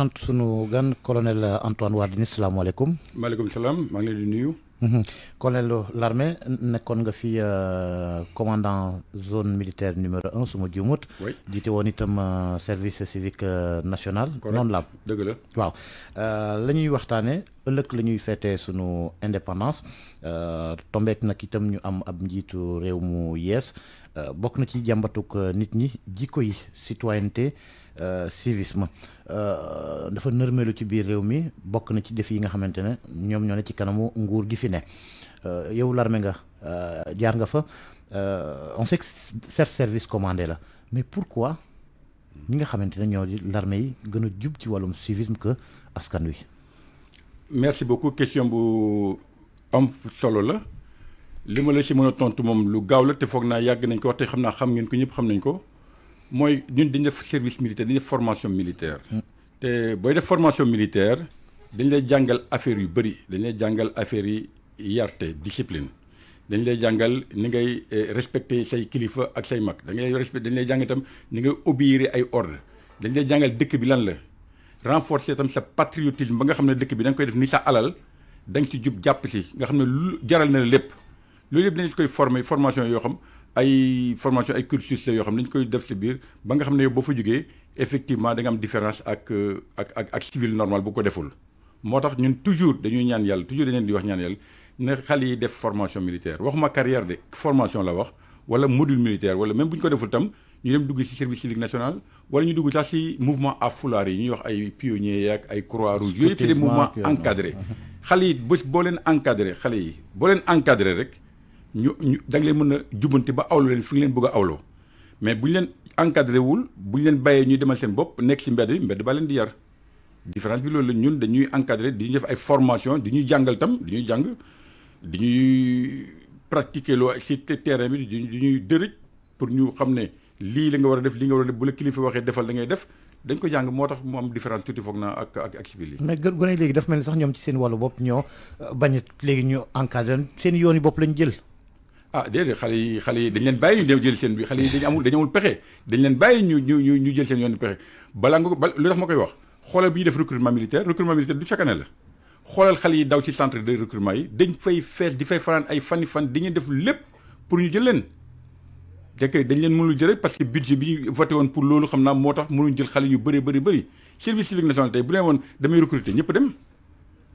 ant sunu gan colonel Antoine Wardini salaamaaleykum. maaleykum salaam maa ngi leen di nuyu. Mhm. colonel l'armée nekkoon nga fi euh, commandant zone militaire numéro un su ma juumut. oui jiite woon itam euh, service civique euh, national. noonu la am dëgg la. waaw la ñuy waxtaanee ëllëg la ñuy sunu indépendance tombeek nag itam ñu am ab njiitu réew mu yees bokk na ci jàmbatuk nit ñi jikko yi citoyenneté. Euh, civisme euh, dafa nërmeelu ci biir réew mi bokk na ci def yi nga xamante ne ñoom ñoo ne ci kanamu nguur gi fi ne euh, yow l'armée nga jaar nga fa on sait que certes service commandé la mais pourquoi ñi nga xamante ne ñoo di l'armée yi gën a jub ci wàllum civisme que askan wi. merci beaucoup question bu am solo la li ma la si mën a tontu moom lu gaaw la te foog naa yàgg nañ ko wax te xam naa xam ngeen ko ñëpp xam nañ ko. Nous, ñun des def service militaire formation militaire. té formation militaire dañ lay jàngal affaire yu dañ lay discipline dañ lay jàngal eh, respecter say ak say ngay obéir ay ordre renforcer itam sa patriotisme ba nga dëkk bi koy def ni sa alal ci nga jaral na formation yoo xam ay formation ay cursus la yoo xam ne dañu koy def si biir ba nga xam ne yow boo fa effectivement da nga am différence ak ak ak ak civil normal bu ko deful. moo tax ñun toujours dañuy ñaan yàlla toujours dañu di wax ñaan yàlla ne xale yi def formation militaire waxuma carrière de formation la wax wala module militaire wala même bu ñu ko deful tam ñu dem dugg si service civique national wala ñu dugg sax si mouvement à foulard yi ñuy wax ay pionniers ak ay croix rouge yooyu yëpp c'est des mouvements encadrés xale yi boo leen encadré xale yi boo leen encadré rek ñu ñu da nga leen mën a jubanti ba awloo leen fi nga leen bëgg a awloo mais bu ñu leen encadré wul bu ñu leen bàyyee ñu demal seen bopp nekk ci mbedd bi mbedd ba leen di yar. différence bi loolu la ñun dañuy encadré di ñu def ay formation di ñuy jàngal tam di jàng di ñuy pratiquer loo ci terrain bi di ñuy dërëj pour ñu xam ne lii la nga war a def lii nga war a def bu la kilifa waxee defal la ngay def. dañ ko jàng moo tax mu am différence tuuti foog na ak ak ak civil yi. mais gën gone léegi daf mel ni sax ñoom ci seen wàllu bopp ñoo euh, bañ a léegi ñu encadré seen yoon yi bopp lañ jël. ah dede xale yi xale yi dañ leen bàyyi ñu jël seen bi xale yi dañ amul dañ amul pexe dañ leen bàyyi ñu ñu ñu ñu jël seen yoon pexe bala nga lu tax ma wax xoolal bi def recrutement militaire recrutement militaire du chaque année la xoolal xale yi daw ci centre de recrutement yi dañ fay fees di fay faraan ay fanni fan di ngeen def lépp pour ñu jël leen dekk dañ leen mënul jëre parce que budget bi voté woon pour loolu xam naa moo tax mënuñ jël xale yu bëri bëri bëri service civique national tey bu leen woon damay recruter ñëpp dem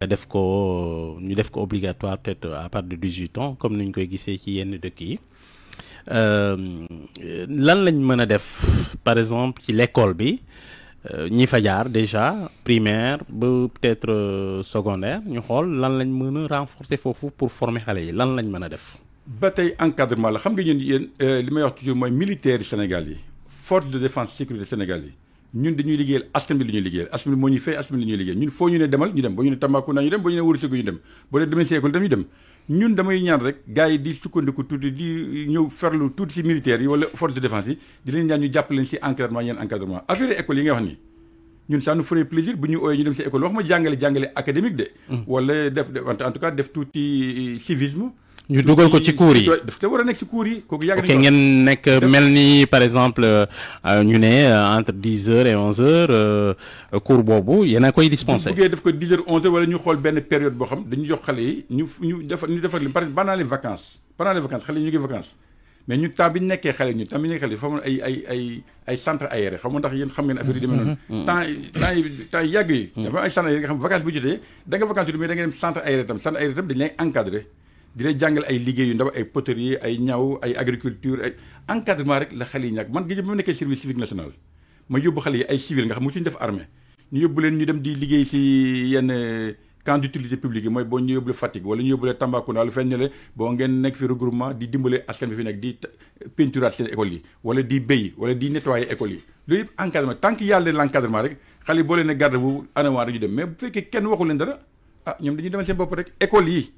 Nous def ko ñu obligatoire peut-être à partir de 18 ans comme nous avons koy gisee ci yenn dëkk yi euh, lan lañ par exemple ci l'école nous, euh, ñi fa jaar déjà primaire peut-être euh, secondaire ñu xool lan lañ renforcer pour former les yi lan lañ def. encadrement la xam nga ñun yéen wax toujours mooy militaire sénégalais, force de défense sécurité sénégalais. Nous, dañuy liggéeyal askan bi li ñuy liggéeyal askan bi moo nous fay askan bi li ñuy liggéeyal ñun ñu ne demal ñu dem ñu ne ñu dem choses, ñu ne ñu dem ne demee ñu dem ñun damay ñaan rek gars yi di sukkandiku di wala force de défense yi di leen ñaan ñu jàpp leen si encadrement yeen encadrement affaire école yi nga wax ni ñun ça nous ferait plaisir bu ñu ooy ñu dem école wax ma académique de mm. wala def en tout cas def tuuti civisme ñu duggal ko ci cour yi dafa te war a nekk ci cour yi kooku yàgg nañu ngeen nekk mel ni par exemple euh, ñu ne euh, entre 10 heures et 11 heures euh, cour boobu yéen a koy dispensé. bu buggee def ko 10 heures 11 heures wala ñu xool benn période boo xam dañu jox xale yi ñu ñu def ñu defar li par exemple pendant les vacances pendant les vacances xale yi ñu ngi vacances mais ñu temps bi ñu nekkee xale ñu temps bi ñu nekkee xale yi ay ay ay ay centre aéré xam nga ndax yéen xam ngeen affaire yi demee noonu mm-hmm. temps temps yi temps yi yàgg yi mm-hmm. dafa ay centre aéré nga xam vacances bu jotee da nga vacances yu mais da nga dem centre aéré tam centre aéré tam dañ lay encadré di lay jàngal ay liggéey yu ndaw ay poterie ay ñaw ay agriculture ay encadrement rek la xale yi ñàkk man gi ma nekkee service civique national ma yóbbu xale yi ay civil nga xam mu suñu def armée ñu yóbbu leen ñu dem di liggéey si yenn camp d'utilité publique yi mooy boo ñu yóbbulee Fatick wala ñu yóbbulee Tambacounda lu fenn le boo ngeen nekk fi regroupement di dimbale askan bi fi nekk di peinturaat seen école yi wala di béy wala di nettoyer école yi loolu yëpp encadrement tant que yàlla l' encadrement rek xale yi boo leen ñu dem mais bu fekkee kenn waxu leen dara ah ñoom dañuy demal seen bopp rek école yi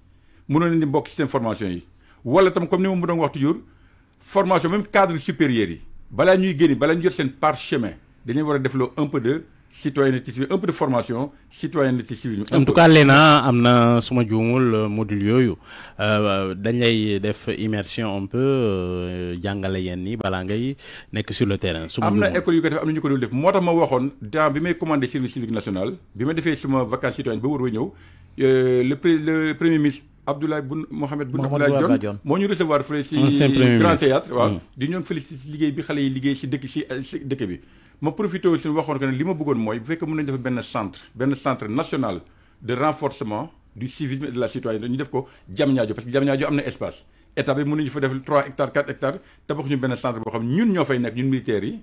mënoon nañu bokk ci formation yi comme ni toujours formation même cadre supérieur yi Nous ñuy gëni bala ñu jot un peu de citoyenneté un peu de formation citoyenneté civile. en tout cas Léna, euh, module euh, euh, immersion un peu yenn sur le terrain. école service civique national le premier ministre. Abdoulaye Boun Mohamed Boun Abdoulaye Dione mo ñu recevoir fële ci Grand Théâtre wa mm. di ñu féliciter si liggéey bi xalé yi liguey ci dëkk ci si dëkk bi ma profiter aussi waxoon que ne li ma bëggoon mooy bu fekk mën nañu def benn centre ben centre national de renforcement du civisme et de la citoyenneté ñu def ko Diamniadio parce que Diamniadio amna espace état bi ñu fa def 3 hectares 4 hectares tabax ñu ben centre bo xam ñun ñoo fay nekk ñun militaire yi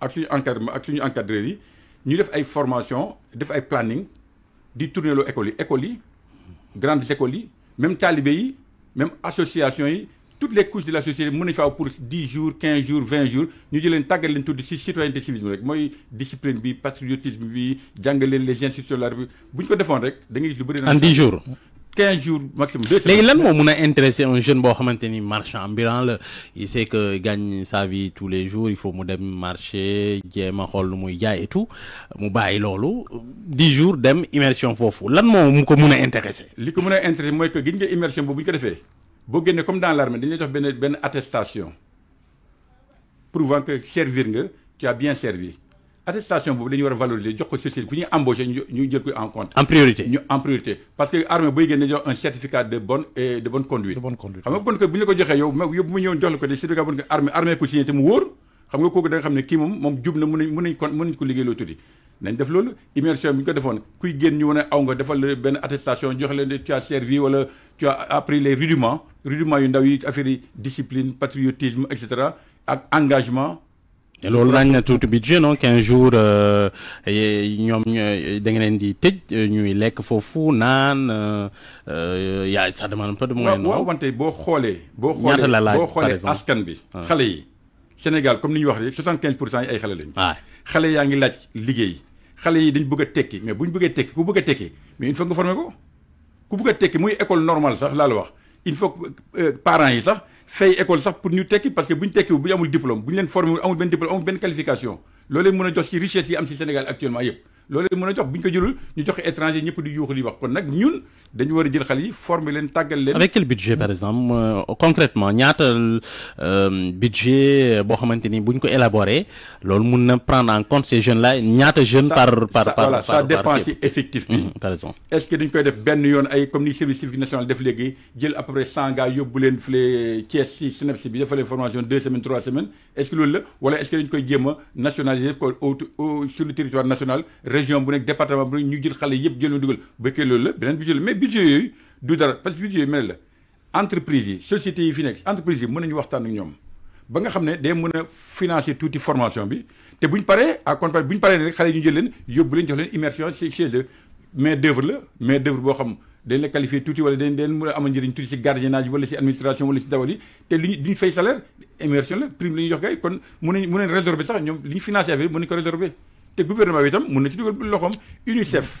ak suñu encadrement ak suñu encadreurs yi ñu def ay formation def ay planning di tourner lo école yi écoles yi grandes écoles yi même talibé même association toutes les couches de la société nous pour 10 jours 15 jours 20 jours ñu leen citoyenneté discipline patriotisme les institutions de la République ko en 10 jours. 15 jours maximum. Mais lan intéressé un jeune qui marchand ambulant il sait que gagne sa vie tous les jours il faut marcher, dem marché et tout dix jours d'immersion fofu foofu lan moo mu ko mun a intéressé. li ko mun que gis nga immersion boobu bu ko défé bo génné comme dans l'armée lay jox ben ben attestation prouvant que servir nga tu as bien servi attestation bobu dañu wara valoriser jox ko société fu ñuy embauché ñu jël ko en compte. en priorité ñu en priorité parce que armée boy génné jox un certificat de bonne et de bonne conduite. de bonne conduite xam nga kon que bu la ko joxé yow yow bu ma ñëw jox la ko de certificat bonne armée armée ko signé te mu wóor xam nga kooku da nga xamné ki mom mom moom jub na mën nañ kon ko liggéey loo nañ def loolu immersion bi ko defone kuy génn ñu wone aw nga defal ben attestation jox leen ne tu as servi wala tu as appris les rudiments rudiments yu ndaw yi affaire discipline patriotisme etc ak engagement. loolu laaj na tout budget non quinze jours euh, ñom da nga leen di tej euh, ñuy lek fofu nan euh, euh ya ça demande un peu de moyen. waaw wante bo xolé bo xolé boo xoolee askan bi ah. xalé yi. Sénégal comme ni ñu wax rek soixante ay xalé lañ. Ah. xalé yaa ngi laaj liggéey xalé yi dañ bëgg a tekki mais bu ñu bëggee tekki ku bëgg a tekki mais il faut nga formé ko ku bëgg a tekki muy école normale sax la la wax il faut euh, parents yi sax fay école sax pour ñu tekki parce que buñ ñu tekki bu amul diplôme buñ leen formé amul ben diplôme amul ben qualification lolé mëna jox ci richesse yi am ci Sénégal actuellement yépp lolé mëna jox buñ ko jëlul ñu joxe étranger ñëpp di yuuxu li wax kon nak ñun dañu wara jël xale yi former leen tàggal leen. avec quel budget par exemple concrètement ñaata euh, budget euh, boo xamante ni bu ko élaborer loolu mun na prendre en compte ces jeunes là ñaata jeunes. par par par voilà ça dépend si effectif bi. Mm-hmm, par exemple est ce que dañ koy def benn yoon ay comme ni service civique national def léegi jël à peu près cent gars yóbbu leen les Thiès si SNEIPS bi dafa formation deux semaines trois semaines est ce que loolu la wala est ce que dañ koy jéem a nationaliser ko au sur le territoire national région bu nekk département bu nekk ñu jël xale yëpp jël ma dugal ba kii loolu la beneen budget la mais budget yooyu du dara parce que budget yooyu mel la entreprise société sociétés yi fi nekk entreprise meun ñu nañu waxtaan ak ñom ba nga xamne ne day mën financer tuuti formation bi té bu paré à contraire bu paré rek xalé ñu jël leen yóbbu leen jox leen immersion chez eux mais d'œuvre la mais d'œuvre bo xam dañ la qualifier touti wala dañ leen mën am amal touti ci gardiennage wala ci administration wala ci dawali té li duñ fay salaire immersion la prime la ñuy jox gay kon mën nañ mën résorber sax ñom li ñu financé affaire mën ko résorber té gouvernement bi itam mën na ci dugal loxom UNICEF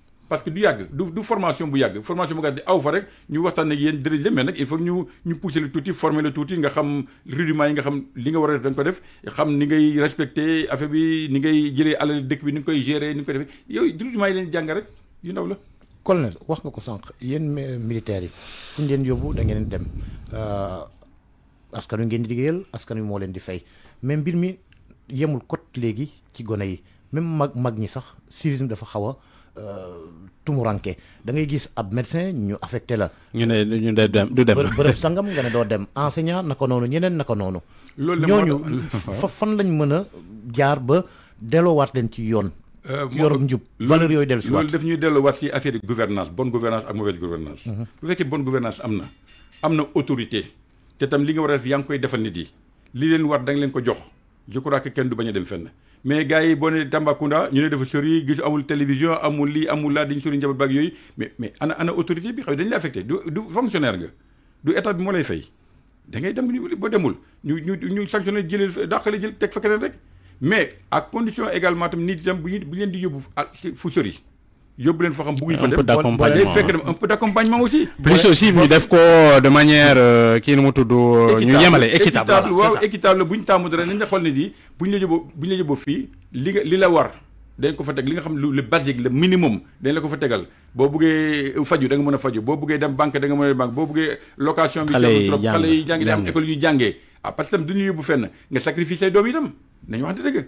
parce que du yàgg du formation bu yàgg formation bu nga di aw fa rek ñu waxtaan ak yéen dirige mais nag il faut ñu ñu pousser le tuuti former le tuuti nga xam rudiments yi nga xam li nga war a def da ko def xam ni ngay respecté affaire bi ni ngay jëlee alal dëkk bi ni nga koy gérer ni nga koy defee yi leen jàng rek yu ndaw la colonel wax nga ko sànq yéen militaires yi fu ñu leen yóbbu da ngeen dem euh, askan wi ngeen di liggéeyal askan wi moo leen di fay mais mbir mi yemul kot léegi ci gone yi même mag mag ñi sax civisme dafa xaw a tumuranke da ngay gis ab médecin ñu affecté la. ñu ne ñu dem du dem bërëb sangam nga ne doo dem enseignant naka noonu ñeneen naka noonu. loolu ñooñu fa fan lañ mën a jaar ba delloowaat leen ci yoon. Euh, yorom njub valeur yooyu dellu si loolu def ñuy delloowaat ci affaire yi gouvernance bonne gouvernance ak mauvaise gouvernance mhm. bu fekkee bonne gouvernance am na am na autorité te tam li nga war a def yaa ngi koy defal nit yi li leen war da nga leen ko jox je crois que kenn du bañ a dem fenn mais gars yi boo nee Tambacounda ñu ne dafa sori gis amul télévision amul lii amul laa dañu sori njaboot baag yooyu mais mais ana ana autorité bi xaw dañ la affecté du du fonctionnaire nga du état bi moo lay fay da ngay dem ba demul ñu ñu ñu sanctionné jëlee dàqale jël teg fa keneen rek mais à condition également tam nit itam bu ñu bu leen di yóbbu ah, fu sori. yóbbu leen foo xam bëgguñu fa dem waaye day fekk dem un peu d' accompagnement aussi. plus aussi ñu def ko de manière euh, kii nu mu tudd. Euh, ñu yemale équitable waaw équitable bu ñu taamu dara nañ la xool ne di bu ñu la yóbboo bu ñu la yóbboo fii li nga li la war dañ ko fa teg li nga xam lu le basique le minimum dañ la ko fa tegal boo buggee euh, faju da nga mën a faju boo buggee dem banque da nga mën a banque boo buggee location bi seetlu trop xale yi jàngi da am école yu ñu jàngee ah parce que tam du ñu yóbbu fenn nga sacrifice say doom nañu waxante dëgg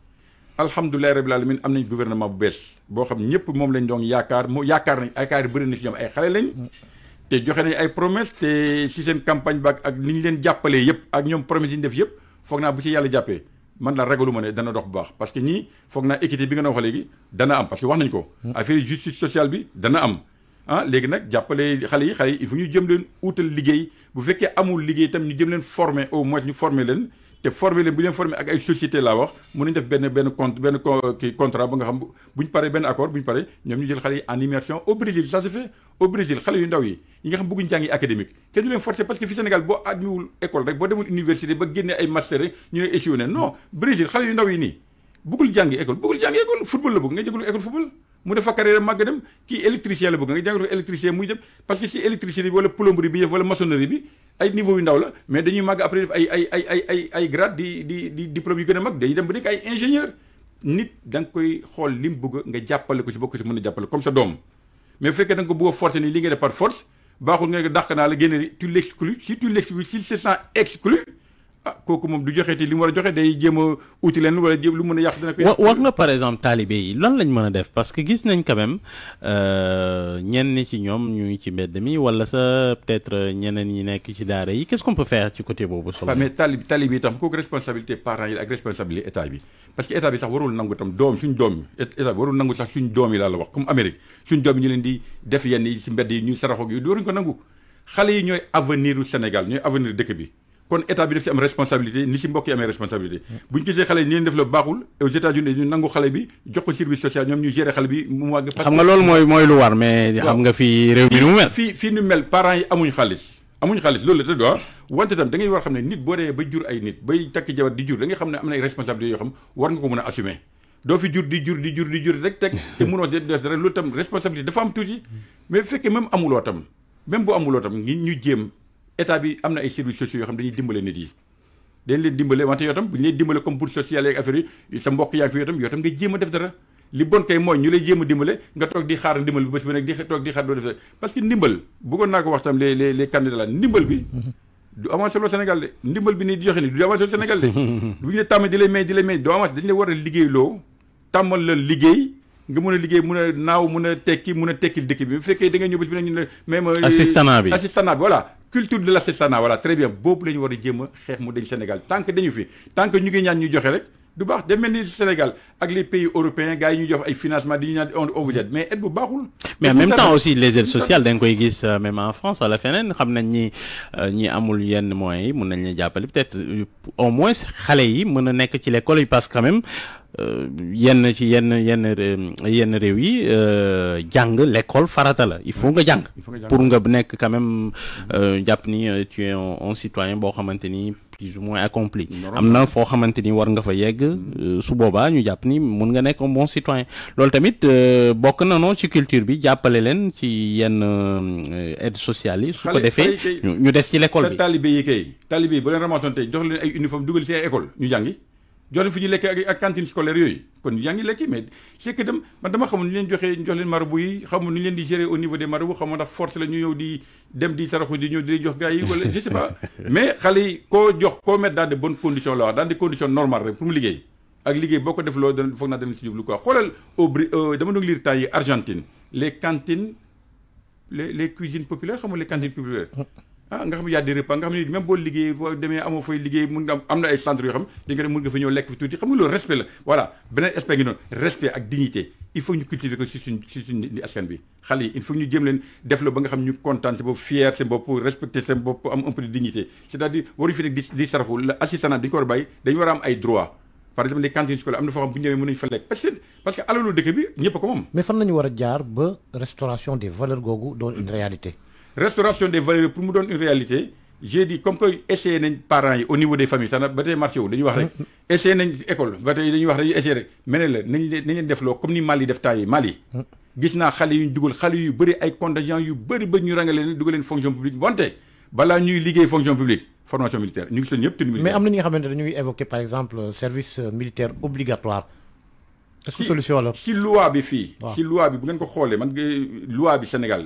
alhamdulilah rabbil alamin amna gouvernement bu bees bo xam ñëpp mom lañ doon yaakaar mu yaakaar nañ yaakaar bëri na ci ñom ay xalé lañ té joxé nañ ay promesse té ci seen campagne bak ak ni leen jappalé yépp ak ñom promesse yi def yépp foog naa bu ci yalla jappé man la ragalu ma ne dana dox bu baax parce que ñi foog naa équité bi nga wax légui dana am parce que wax nañ ko affaire justice sociale bi dana am ah légui nak jappalé xalé yi xalé yi il ñu jëm leen outal liggéey bu fekkee amul liggéey tam ñu jëm leen former au moins ñu former leen te former leen bu leen formé ak ay société laa wax mënuñ def benn benn compte benn kii contrat ba nga xam bu ñu paree benn accord bu ñu paree ñoom ñu jël xale yi en immersion au Brésil ça se fait au Brésil xale yu ndaw yi yi nga xam bëgguñ jàngi académique kenn du leen forcer parce que fi Sénégal boo admiwul école rek boo demul université ba génnee ay master ñu ne échoué ne non Brésil xale yu ndaw yi nii bëggul jàngi école bëggul jàngi école football la bëgg nga jëgul école football mu def carrière màgg dem kii électricien la bëgg nga jàngi électricien muy dem parce que si électricité bi wala plomberie bi wala maçonnerie bi ay niveau yu ndaw la mais dañuy màgg après def ay ay ay ay grade di di di diplôme gën a mag dañuy dem ba nekk ay ingénieur nit da nga koy xool li mu bëgg nga jàppale ko ci bokk ci mën a jàppale comme sa doom mais bu fekkee da ko bëgg a ni li nga de par force baaxul nga ne dàq naa la génne tu l'exclus si tu l'exclus si se sent exclu ah kooku moom du joxe te li war a joxe day jéem a uti wala lu mën a yàq dina ko. wax nga par exemple talibé yi lan lañ mën def parce que gis nañ quand même euh ñenn ci ñom ñu ci mbedd mi wala sa peut-être ñenen ñi nek ci daara yi qu'est-ce qu'on peut faire ci côté bobu solo mais talib talib yi tam kooku responsabilité parents yi ak responsabilité état bi parce que état bi sax warul nangu tam doom suñ doom état bi warul nangu sax suñ doom yi laa la wax comme Amérique suñ doom yi ñu leen di def yenn ci si mbedd yi ñuy saraxoog yu waruñ ko nangu xalé yi ñoy avenir du Sénégal ñoy avenir dëkk bi kon état bi def ci am responsabilité ni ci mbokk yi amee responsabilité bu ñu gisee xale yi ni def la baaxul aux États-Unis ñu nangu xale bi jox ko service xam nga loolu mooy mooy lu war mais xam nga fii réew mi mu mel fii fii ni mel parents yi amuñ xaalis amuñ xaalis loolu la te doa wante tam da war xam ne nit boo dee ba jur ay nit bay takk jabar di jur da ngay xam ne am na ay responsabilité yoo xam war nga ko mën a assumer doo fi jur di jur di jur di jur rek teg te mënoo def dara loolu am tuuti mais fekkee même amuloo tam même bu amuloo tam ngi ñu jéem état bi am na ay services sociaux yoo xam dañuy dimbale nit yi dañ leen dimbale wante yoo tam bu ñu lay dimbale comme bourse sociale ak affaire yi sa mbokk yaa ngi fi yoo tam nga jéem def dara li bon kay mooy ñu lay jéem a dimbale nga toog di xaar ndimbal bi bés bi nag di toog di xaar doo def dara parce que ndimbal bëggoon naa ko wax tam les les les candidats ndimbal bi du avancé loo Sénégal de ndimbal bi ni di joxe ni du avancé tàmm di lay may di lay may doo avancé dañu la war a liggéey loo tàmmal la liggéey nga mën a liggéey mën a naaw mën a tekki mën a tekkil dëkk bi bu fekkee da nga ñëw bi nañu ne même euh, assistanat bi assistanat bi voilà culture de l'assistanat voilà très bien boobu la ñu war a jéem a xeex mu dañ Sénégal tant que dañu fi tant que ñu ngi ñaan ñu joxe rek du baax dem mel ni Sénégal ak les pays européens gars yi ñu jox ay financement di ñu naan on vous aide mais aide bu baaxul. mais en même temps aussi les aides sociales da nga koy gis euh, même en France à wala feneen xam nañ ñi euh, ñi amul yenn moyens yi mën nañ leen jàppale peut-être au moins xale yi mën a nekk ci l'école yi parce que quand même yenn ci yenn yenn yenn réew yi euh, jàng l'école farata la il faut nga jàng pour nga nekk quand même euh, jàpp ni euh, tu es un citoyen boo xamante ni plus ou moins accompli am na foo xamante ni war nga fa yegg mm-hmm. su boobaa ñu jàpp ni mun nga nekk un bon citoyen loolu tamit bokk na non ci culture bi jàppale leen ci yenn aide sociale yi su ko defee ñu des ci l'école bi sa taalibe yi kay talibé bu leen ramatoon tey jox leen ay uniforme dugal ci ay école ñu jàngi jox fu ñu lekk ak cantine scolaire yoy kon yaa ngi lekki mais c'est que dem man dama xamul ñu leen joxee jox leen marabu yi xamul ñu leen di gérer au niveau des marabu xamul ndax force la ñu ñëw di dem di saraxu di ñëw di jox gaay yi wala je sais pas mais xali ko jox ko met dans de bonnes conditions la wax dans des conditions normales rek pour mu liggéey ak liggéey boko def lo dana foog naa ci si jublu quoi xolal au bri euh, dama ngi lire temps yi Argentine les cantines les les cuisines populaires xamul les cantines populaires mm. Ah, nga xam ya di a nga xam ni même bo liggéey bo demee amo fay liggéey mun nga am ay centre yo xam di nga dem nga fa ñëw lek fi tuuti xam nga lo respect la voilà benen aspect ngi noonu respect ak dignité il faut ñu cultiver ko ci suñ si suñ ni askan bi xali il faut ñu jëm leen def lo ba nga xam ñu kontaan bo bopp fier seen bopp respecter seen bopp am un peu de dignité c'est-à-dire waruñu fi nek di di sarafu la assistance ko war a bàyyi dañu war am ay droit par exemple les cantines scolaires amna fo xam bu ñu demee mën nañu fa lek parce que parce que alalu dëkk bi ñëpp ko mom mais fan lañu wara jaar ba restauration des valeurs gogou doon une réalité restauration des valeurs pour nous donner une réalité j'ai dit comme que essayer nañ parents au niveau des familles Ça ba tey marché wu dañuy wax rek mm-hmm. Essayer nañ école ba tey wax dañuy mais les la nañ leen comme ni Mali def temps Mali mm-hmm. gis na xale yu dugul dugal yu bari ay contingent yu bari ba ñu rangalé leen dugal fonction publique wante bala ñuy liggéey fonction publique formation militaire ñu ngi seen ñëpp militaire mais amna ñi nga xamanté ne évoquer par exemple service euh, militaire obligatoire est-ce que solution la si loi bi fi si loi bi bu ngeen ko xolé man euh, loi bi Sénégal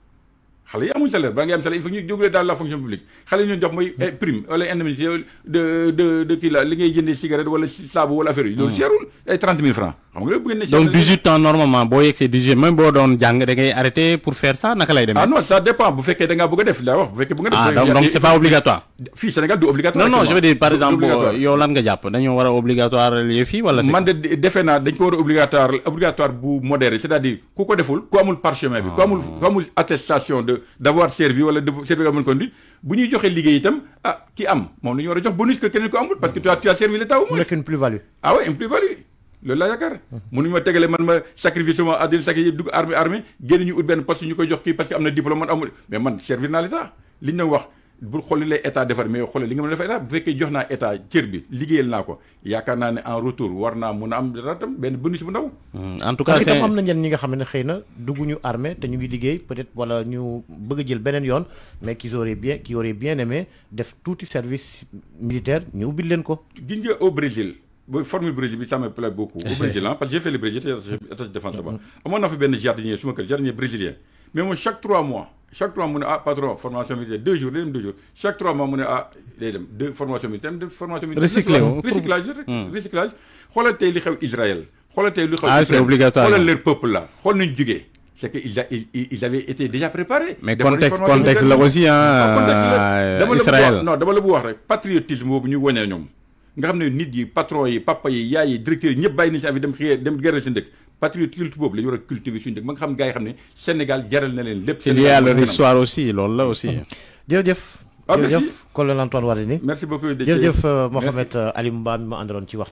xale yi amuñ salaire baa ngi am salaire il faut ñu jóglee dans la fonction publique xale ñu jox moy eh, prime wala indemnité de de de kii la li ngay jëndé cigarette wala sabu wala affaire yi loolu hmm. seerul ay eh, trente francs xam nga loolu bëgg na donc 18 ans normalement bo yexé 18 même bo doon jang da ngay arrêté pour faire ça naka lay demee ah non ça dépend bu féké da nga bëgg def laa wax bu féké bu nga def ah donc c'est pas obligatoire fi Sénégal du obligatoire non non je veux dire par exemple yo lan nga japp dañu wara obligatoire lii fii wala man de defee naa dañ ko wara obligatoire obligatoire bu modéré c'est-à-dire ku ko deful ku amul parchemin bi ku amul ku amul attestation d'avoir servi ou de servir la bonne conduite bu ñuy joxe liggéey itam ah ki am moom ñu war bonus que quelqu'un ko amul parce que tu as tu as servi l'état ou moins. mu une plus value. ah oui une plus value le laa yaakaar. Mhm. mënuñu ma tegale man ma sacrifice ma addil sacrifice armée armée génn ñu ut ben poste ñu koy jox kii parce que am diplôme amul mais man servir naa l'état li ñu wax bul xool li lay état defar mais xoolal li nga mën état bu fekkee joxna état cër bi liggéeyal nako yakarna né en retour warna naa am ratam ben benn bu ndaw. Hmm, en tout cas c'est am na ñen ñi nga xamné xeyna xëy na dugguñu armée te ñu ngi liggéey peut-être wala ñu bëgg jël benen yoon mais qui aurait bien qui aurait bien aimé def tuuti service militaire ñu ubbil leen ko. gis nga au Brésil. Oui, formule Brésil, ça me plaît beaucoup. Au Brésil, hein, parce que j'ai fait le Brésil, j'étais attaché défense là-bas. Moi, on a fait mm-hmm. jardinier, suma kër jardinier brésilien. Mais moi, chaque 3 mois, chaque trois mois ah, deux jours deux jours chaque trois mois ah, deux formations recyclage recyclage hmm. ah c'est obligatoire hein. leur peuple là c'est qu'ils ils, avaient été déjà préparés. Mais contexte, contexte là aussi, hein, Non, d'abord le boire, patriotisme, patron papa, directeur, patriote culte boobu la ñu war cultiver suñu dëkk ba nga xam gars xamné Sénégal jaral na leen lépp. Sénégal leur histoire aussi loolu la aussi. jërëjëf. Ah, jërëjëf Colonel Antoine Wardini merci beaucoup jërëjëf euh, Mohamed euh, Ali Mba mi ma àndaloon ci